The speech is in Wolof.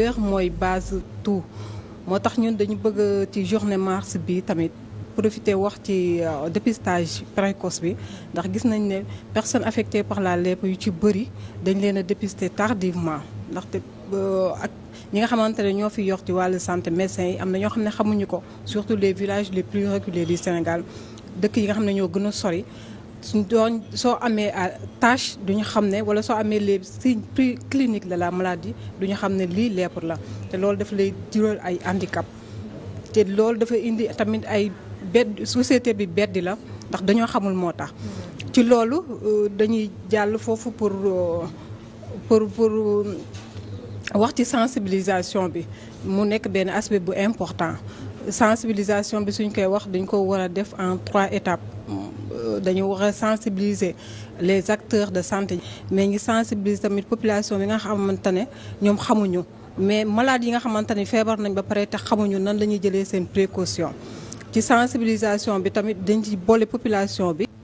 cœur mooy base tout moo tax ñun dañu bëgg ci journée mars bi tamit profiter wax ci euh, dépistage précoce bi ndax gis nañ ne personnes affectées par la lépp yu ci bëri dañ leen a dépister tardivement ndaxte euh, ak ñi nga xamante ne ñoo fi yor ci wàll santé médecins yi am na ñoo xam ne xamuñu ko surtout les villages les plus reculés du Sénégal dëkk yi nga xam ne ñoo gën a sori suñ doon soo amee ah, tâche duñu xam ne wala soo amee les signes précliniques de la maladie duñu xam ne lii lèpre la te loolu dafa lay jural ay handicap te loolu dafa indi tamit ay bedd société bi beddi la ndax dañoo xamul moo tax ci loolu euh, dañuy jàll foofu pour euh, pour pour euh, wax ci sensibilisation bi mu nekk benn aspect bu important sensibilisation bi suñ koy wax dañ ko war a def en trois étapes euh, dañu war a sensibiliser les acteurs de santé mais ñu sensibiliser tamit population bi nga xamante ne ñoom xamuñu mais malade yi nga xamante ne feebar nañ ba pare te xamuñu nan la ñuy jëlee seen précaution ci sensibilisation bi tamit dañ ci boole population bi